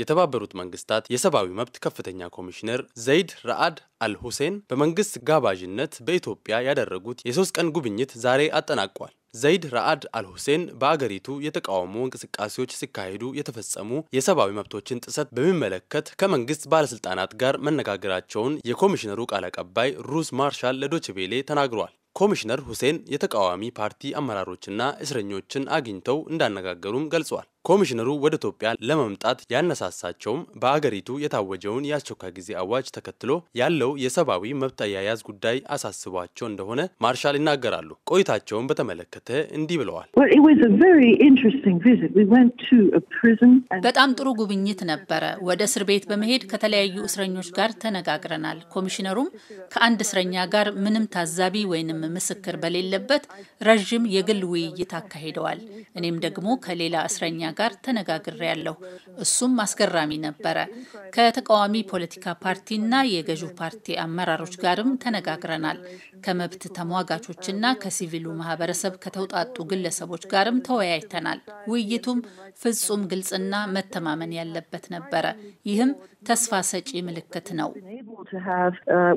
የተባበሩት መንግስታት የሰብአዊ መብት ከፍተኛ ኮሚሽነር ዘይድ ረአድ አልሁሴን በመንግስት ጋባዥነት በኢትዮጵያ ያደረጉት የሶስት ቀን ጉብኝት ዛሬ አጠናቋል። ዘይድ ረአድ አልሁሴን በአገሪቱ የተቃውሞ እንቅስቃሴዎች ሲካሄዱ የተፈጸሙ የሰብአዊ መብቶችን ጥሰት በሚመለከት ከመንግስት ባለስልጣናት ጋር መነጋገራቸውን የኮሚሽነሩ ቃል አቀባይ ሩስ ማርሻል ለዶችቬሌ ተናግሯል። ኮሚሽነር ሁሴን የተቃዋሚ ፓርቲ አመራሮችና እስረኞችን አግኝተው እንዳነጋገሩም ገልጿል። ኮሚሽነሩ ወደ ኢትዮጵያ ለመምጣት ያነሳሳቸውም በአገሪቱ የታወጀውን የአስቸኳይ ጊዜ አዋጅ ተከትሎ ያለው የሰብአዊ መብት አያያዝ ጉዳይ አሳስቧቸው እንደሆነ ማርሻል ይናገራሉ። ቆይታቸውን በተመለከተ እንዲህ ብለዋል። በጣም ጥሩ ጉብኝት ነበረ። ወደ እስር ቤት በመሄድ ከተለያዩ እስረኞች ጋር ተነጋግረናል። ኮሚሽነሩም ከአንድ እስረኛ ጋር ምንም ታዛቢ ወይንም ምስክር በሌለበት ረዥም የግል ውይይት አካሂደዋል። እኔም ደግሞ ከሌላ እስረኛ ጋር ተነጋግሬያለሁ። እሱም አስገራሚ ነበረ። ከተቃዋሚ ፖለቲካ ፓርቲና የገዢው ፓርቲ አመራሮች ጋርም ተነጋግረናል። ከመብት ተሟጋቾችና ከሲቪሉ ማህበረሰብ ከተውጣጡ ግለሰቦች ጋርም ተወያይተናል። ውይይቱም ፍጹም ግልጽና መተማመን ያለበት ነበረ። ይህም ተስፋ ሰጪ ምልክት ነው። Uh,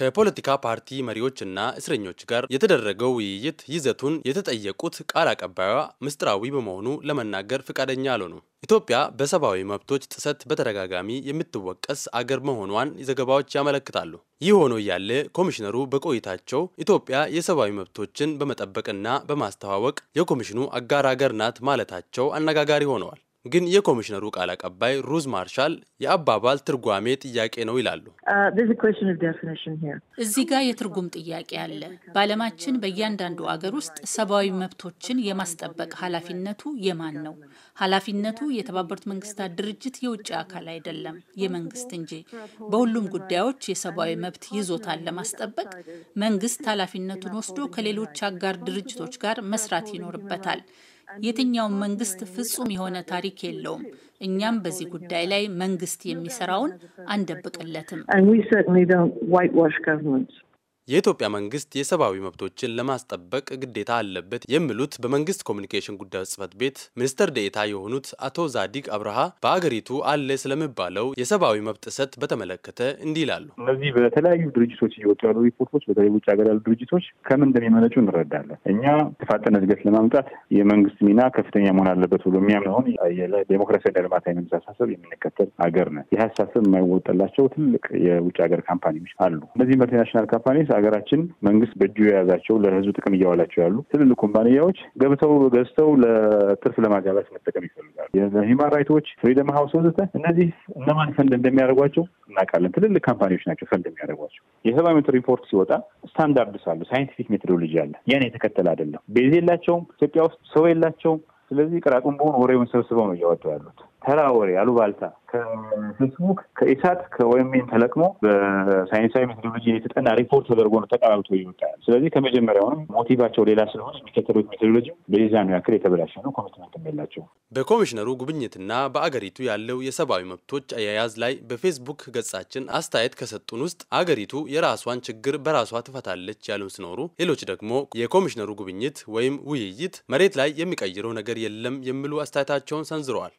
ከፖለቲካ ፓርቲ መሪዎችና እስረኞች ጋር የተደረገው ውይይት ይዘቱን የተጠየቁት ቃል አቀባይዋ ምስጢራዊ በመሆኑ ለመናገር ፈቃደኛ አልሆኑም። ኢትዮጵያ በሰብአዊ መብቶች ጥሰት በተደጋጋሚ የምትወቀስ አገር መሆኗን ዘገባዎች ያመለክታሉ። ይህ ሆኖ እያለ ኮሚሽነሩ በቆይታቸው ኢትዮጵያ የሰብአዊ መብቶችን በመጠበቅና በማስተዋወቅ የኮሚሽኑ አጋር አገር ናት ማለታቸው አነጋጋሪ ሆነዋል። ግን የኮሚሽነሩ ቃል አቀባይ ሩዝ ማርሻል የአባባል ትርጓሜ ጥያቄ ነው ይላሉ። uh, እዚህ ጋር የትርጉም ጥያቄ አለ። በዓለማችን በእያንዳንዱ አገር ውስጥ ሰብአዊ መብቶችን የማስጠበቅ ኃላፊነቱ የማን ነው? ኃላፊነቱ የተባበሩት መንግስታት ድርጅት የውጭ አካል አይደለም፣ የመንግስት እንጂ። በሁሉም ጉዳዮች የሰብአዊ መብት ይዞታን ለማስጠበቅ መንግስት ኃላፊነቱን ወስዶ ከሌሎች አጋር ድርጅቶች ጋር መስራት ይኖርበታል። የትኛውም መንግስት ፍጹም የሆነ ታሪክ የለውም። እኛም በዚህ ጉዳይ ላይ መንግስት የሚሰራውን አንደብቅለትም። የኢትዮጵያ መንግስት የሰብአዊ መብቶችን ለማስጠበቅ ግዴታ አለበት የሚሉት በመንግስት ኮሚኒኬሽን ጉዳዮች ጽህፈት ቤት ሚኒስትር ዴኤታ የሆኑት አቶ ዛዲግ አብርሃ በአገሪቱ አለ ስለሚባለው የሰብአዊ መብት ጥሰት በተመለከተ እንዲህ ይላሉ። እነዚህ በተለያዩ ድርጅቶች እየወጡ ያሉ ሪፖርቶች፣ በተለይ ውጭ ሀገር ያሉ ድርጅቶች ከምን እንደሚመነጩ እንረዳለን። እኛ የተፋጠነ እድገት ለማምጣት የመንግስት ሚና ከፍተኛ መሆን አለበት ብሎ የሚያምነውን ዴሞክራሲያዊ ልማት የመንግስት አሳሰብ የምንከተል ሀገር ነን። ይህ አሳሰብ የማይወጠላቸው ትልቅ የውጭ ሀገር ካምፓኒዎች አሉ። እነዚህ ኢንተርናሽናል ካምፓኒዎች ሀገራችን መንግስት በእጁ የያዛቸው ለህዝብ ጥቅም እያዋላቸው ያሉ ትልልቅ ኩባንያዎች ገብተው ገዝተው ለትርፍ ለማጋባት መጠቀም ይፈልጋሉ። ሂማን ራይቶች፣ ፍሪደም ሀውስ ወዘተ እነዚህ እነማን ፈንድ እንደሚያደርጓቸው እናውቃለን። ትልልቅ ካምፓኒዎች ናቸው ፈንድ የሚያደርጓቸው። የሰብአዊ መብት ሪፖርት ሲወጣ ስታንዳርድስ አሉ፣ ሳይንቲፊክ ሜቶዶሎጂ አለ። ያን የተከተለ አይደለም። ቤዝ የላቸውም፣ ኢትዮጵያ ውስጥ ሰው የላቸውም። ስለዚህ ቅራጡን ወሬውን ሰብስበው ነው እያወጡ ያሉት። ተራ ወሬ አሉባልታ ከፌስቡክ ከኢሳት ከወይሜን ተለቅሞ በሳይንሳዊ ሜቶዶሎጂ የተጠና ሪፖርት ተደርጎ ነው ተቀባብቶ ይወጣል። ስለዚህ ከመጀመሪያውንም ሞቲቫቸው ሌላ ስለሆነ የሚከተሉት ሜቶዶሎጂ በሚዛኑ ያክል የተበላሸ ነው፣ ኮሚትመንት የላቸው። በኮሚሽነሩ ጉብኝትና በአገሪቱ ያለው የሰብአዊ መብቶች አያያዝ ላይ በፌስቡክ ገጻችን አስተያየት ከሰጡን ውስጥ አገሪቱ የራሷን ችግር በራሷ ትፈታለች ያሉ ሲኖሩ፣ ሌሎች ደግሞ የኮሚሽነሩ ጉብኝት ወይም ውይይት መሬት ላይ የሚቀይረው ነገር የለም የሚሉ አስተያየታቸውን ሰንዝረዋል።